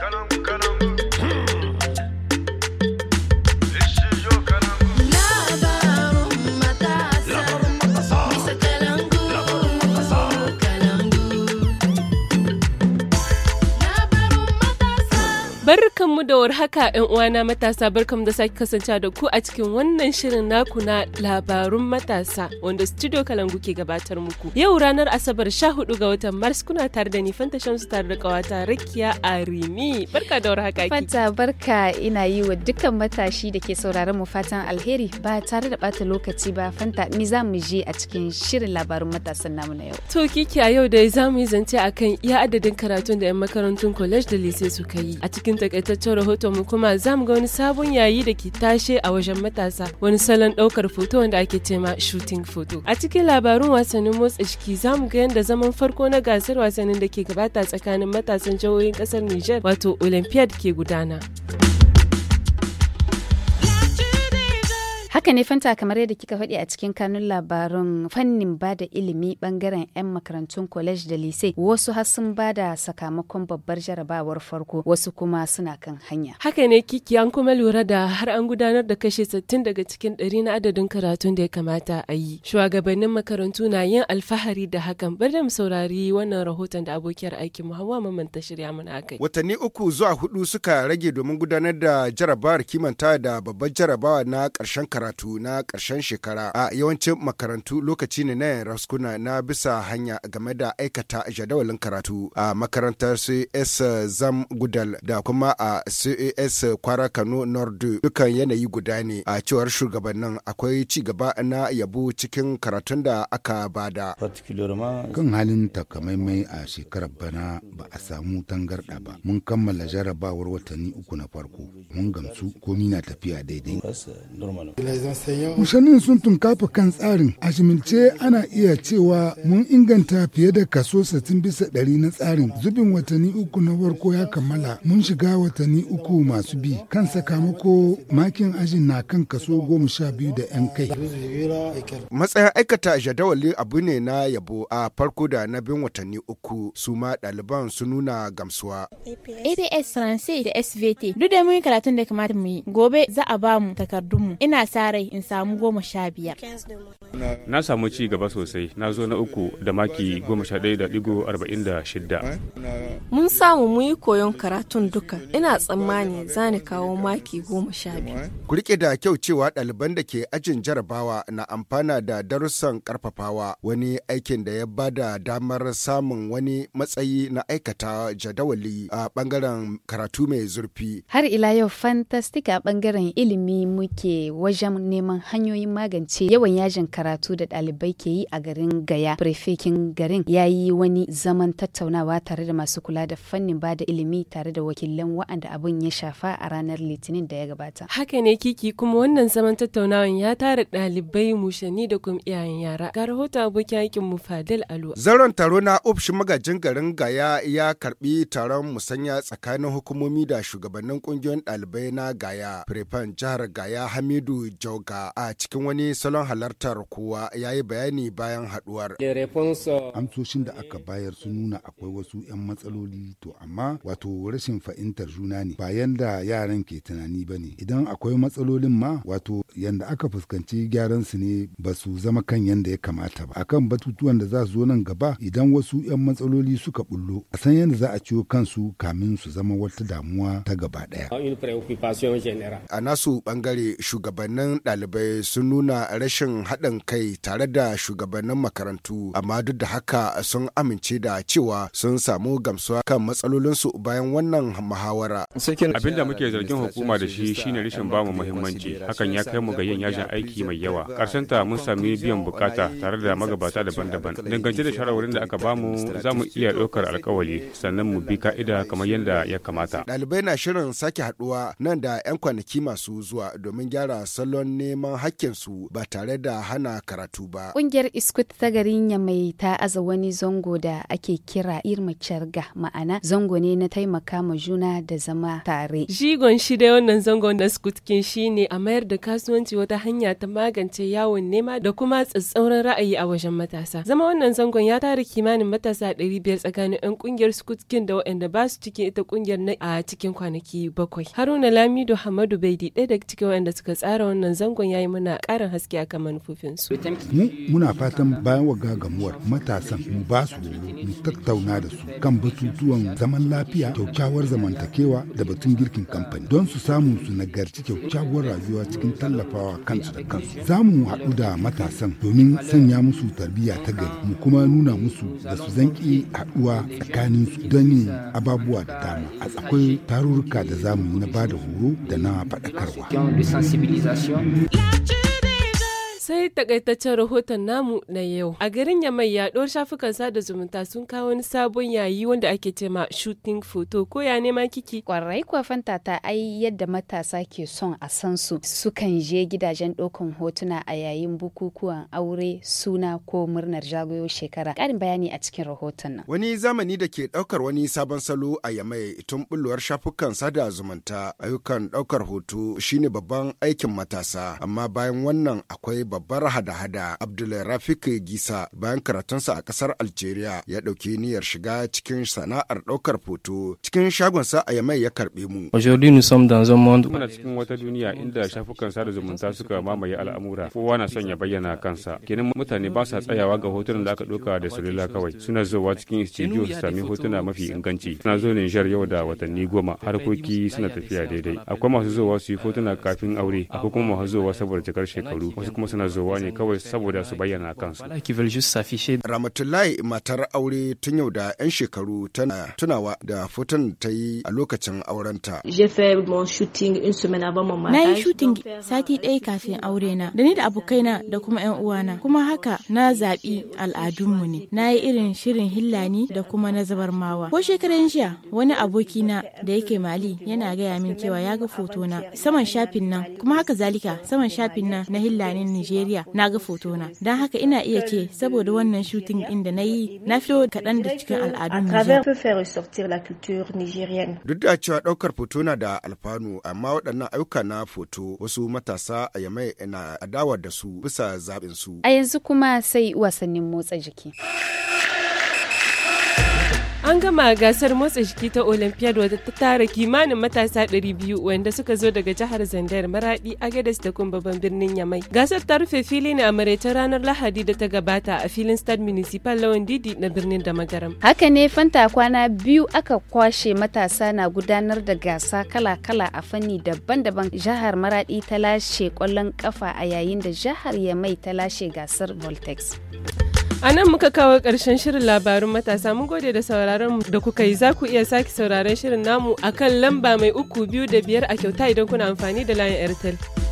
Colombian. barkan mu da warhaka ‘yan uwana matasa barkanmu da sake kasance da ku a cikin wannan shirin naku na labarun matasa wanda studio Kalangu ke gabatar muku. Yau ranar Asabar 14 ga watan Mars kuna tare da ni Fanta Shamsu tare da kawata Rakiya Arimi. Barka da warhaka ki. Fanta barka ina yi wa dukkan matashi da ke sauraron mu fatan alheri ba tare da bata lokaci ba Fanta ni za mu je a cikin shirin labarun matasan namu na yau. To kiki a yau da za mu yi zance akan iya adadin karatun da 'yan makarantun college da lise suka yi a cikin takaitaccen rahoton mu kuma za mu ga wani sabon yayi da ke tashe a wajen matasa wani salon ɗaukar foto wanda ake cema shooting photo. A cikin labarun wasannin motsa jiki za mu ga yadda zaman farko na gasar wasannin da ke gabata tsakanin matasan jihohin ƙasar Nijar wato Olympiad ke gudana. Haka ne fanta kamar yadda kika faɗi a cikin kanun labarun fannin ba da ilimi bangaren 'yan makarantun college da lise wasu har sun ba da sakamakon babbar jarabawar farko wasu kuma suna kan hanya. Haka ne kiki an kuma lura da har an gudanar da kashe 60 daga cikin ɗari na adadin karatun da ya kamata a yi. Shugabannin makarantu na yin alfahari da hakan bar da mu saurari wannan rahoton da abokiyar aikin mu hawa Maman ta shirya mana akai. Watanni uku zuwa hudu suka rage domin gudanar da jarabawar kimanta da babbar jarabawa na ƙarshen karatu karatu na ƙarshen shekara a yawancin makarantu lokaci ne na yin raskuna na bisa hanya game da aikata jadawalin karatu a makarantar cs zam gudal da kuma a cs kwara kano nord. dukan yanayi guda ne a cewar shugabannin akwai cigaba na yabo cikin karatun da aka bada kan halin takamaimai a shekarar bana ba a samu tangarɗa ba mun kammala jarabawar watanni uku na farko mun gamsu komi na tafiya daidai Mushannin sun tunkafa kan tsarin. A shimince ana iya cewa mun inganta fiye da kaso 60 bisa ɗari na tsarin. Zubin watanni uku na farko ya kammala. Mun shiga watanni uku masu bi. Kan sakamako makin ajin na kan kaso goma sha biyu da 'yan kai. Matsayin aikata jadawali abu ne na yabo a farko da na bin watanni uku su ma ɗaliban su nuna gamsuwa. APS Francais da SVT duk da mun yi karatun da kamata mu yi gobe za a ba mu takardunmu. Ina sa sa in samu goma sha biyar. Na samu ci gaba sosai, na zo na uku da maki goma sha ɗaya da ɗigo arba'in da shidda. Mun samu mu yi koyon karatun duka, ina tsammani za ni kawo maki goma sha biyar. Ku riƙe da kyau cewa ɗaliban da ke ajin jarabawa na amfana da darussan karfafawa wani aikin da ya ba da damar samun wani matsayi na aikata jadawali a bangaren karatu mai zurfi. Har ila yau fantastic a bangaren ilimi muke wajen samun neman hanyoyin magance yawan yajin karatu da ɗalibai ke yi a garin Gaya. Prefekin garin ya yi wani zaman tattaunawa tare da masu kula da fannin bada ilimi tare da wakilan wa'anda abin ya shafa a ranar Litinin da ya gabata. Haka ne kiki kuma wannan zaman tattaunawan ya tara ɗalibai mushani da kuma iyayen yara. Ga rahoton abokin aikin mu Fadil Alu. Zaron taro na ofishin magajin garin Gaya ya karbi taron musanya tsakanin hukumomi da shugabannin kungiyoyin ɗalibai na Gaya. Prefan jihar Gaya Hamidu jauka a cikin wani salon halartar kowa ya yi bayani bayan haduwar. Amsoshin da aka bayar sun nuna akwai wasu 'yan matsaloli to amma wato rashin fahimtar juna ne bayan da yaran ke tunani ba ne. Idan akwai matsalolin ma wato yanda aka fuskanci gyaran su ne ba su zama kan yanda ya kamata ba. Akan batutuwan da za su zo nan gaba idan wasu 'yan matsaloli suka bullo a san yadda za a ciwo kansu kamin su zama wata damuwa ta gaba daya. A nasu bangare shugabannin iyayen ɗalibai sun nuna rashin haɗin kai tare da shugabannin makarantu amma duk da haka sun amince da cewa sun samu gamsuwa kan matsalolinsu bayan wannan muhawara. abin da muke zargin hukuma da shi shine rashin bamu muhimmanci hakan ya kai mu ga yin yajin aiki mai yawa ta mun sami biyan bukata tare da magabata daban-daban dangance da shawarwarin da aka bamu za mu iya ɗaukar alkawali sannan mu bi ka'ida kamar yadda ya kamata ɗalibai na shirin sake haɗuwa nan da 'yan kwanaki masu zuwa domin gyara salon don neman hakkinsu ba tare da hana karatu ba. Ƙungiyar iskut ta garin Yamai ta aza wani zango da ake kira Irmacarga ma'ana zango ne na taimaka ma juna da zama tare. Jigon shi dai wannan zangon na Skutkin shi ne a mayar da kasuwanci wata hanya ta magance yawon nema da kuma tsatsauran ra'ayi a wajen matasa. Zama wannan zangon ya tara kimanin matasa ɗari biyar tsakanin 'yan ƙungiyar Skutkin da waɗanda ba su cikin ita ƙungiyar na a cikin kwanaki bakwai. Haruna Lamido Hamadu Baidi ɗaya daga cikin waɗanda suka tsara wannan wannan zangon yayi muna ƙarin haske manufofin manufofinsu. Mu muna fatan bayan waga gamuwar matasan mu ba su mu tattauna da su kan batutuwan zaman lafiya, kyaukyawar zamantakewa da batun girkin kamfani don su samu su nagarci kyaukyawar rayuwa cikin tallafawa kansu da kansu. Za mu haɗu da matasan domin sanya musu tarbiyya ta gari mu kuma nuna musu da su zanki haɗuwa tsakanin su don yin ababuwa da dama. A akwai tarurruka da zamu yi na bada horo da na faɗakarwa. Yeah. sai takaitaccen rahoton namu na yau. A garin Yamai yaɗuwar shafukan sada zumunta sun kawo wani sabon yayi wanda ake ce ma shooting photo ko ya nema kiki. Kwarai kuwa fanta ta ai yadda matasa ke son a san su sukan je gidajen ɗaukan hotuna a yayin bukukuwan aure suna ko murnar jagoyo shekara. Ƙarin bayani a cikin rahoton nan. Wani zamani da ke ɗaukar wani sabon salo a Yamai tun bullowar shafukan sada zumunta ayyukan ɗaukar hoto shine babban aikin matasa amma bayan wannan akwai babban babbar hada-hada Abdulrafik Gisa bayan karatunsa a ƙasar Algeria ya ɗauki niyyar shiga cikin sana'ar ɗaukar foto cikin shagonsa a Yamai ya karɓi mu. Aujourd'hui nous sommes dans un monde muna cikin wata duniya inda shafukan sada zumunta suka mamaye al'amura kowa na son ya bayyana kansa kenan mutane ba sa tsayawa ga hotunan da aka ɗauka da sulula kawai suna zuwa cikin studio su sami hotuna mafi inganci suna zo Nijar yau da watanni goma harkoki suna tafiya daidai akwai masu zuwa su yi hotuna kafin aure akwai kuma masu zuwa saboda jakar shekaru wasu kuma suna zuwa ne kawai saboda su bayyana kansu. Ramatullahi matar aure tun yau da 'yan shekaru tana tunawa da foton ta yi a lokacin aurenta. Na yi shooting sati ɗaya kafin aure na, da ni da abokaina da kuma 'yan uwana. Kuma haka na zaɓi al'adunmu ne. Na yi irin shirin hillani da kuma na zabar mawa. Ko shekaran jiya wani abokina da yake Mali yana gaya min cewa ya ga fotona saman shafin nan kuma haka zalika saman shafin nan na hillanin nijeriya. Najeriya na ga foto na Don haka ina iya ce saboda wannan shooting din da na yi na fito kaɗan da cikin al'adun Nijar. Duk da cewa ɗaukar foto na da alfanu amma waɗannan ayyuka na foto wasu matasa a yamai na adawa da su bisa zaɓin su. A yanzu kuma sai wasannin motsa jiki. An gama gasar motsa jiki ta Olympiad wata ta tara kimanin matasa 200 wanda suka zo daga jihar Zandar Maradi Agadez da kuma babban birnin Yamai. Gasar ta rufe fili ne a maraitar ranar Lahadi da ta gabata a filin Stade Municipal Lawan Didi na birnin da Magaram. Haka ne fanta kwana biyu aka kwashe matasa na gudanar da gasa kala-kala a fanni daban-daban. Jihar Maradi ta lashe kwallon kafa a yayin da jihar Yamai ta lashe gasar Voltex. A nan muka kawo ƙarshen shirin labarun matasa mun gode da sauraron da kuka yi za ku iya sake sauraron shirin namu akan lamba mai uku biyu da biyar a kyauta idan kuna amfani da layin Airtel.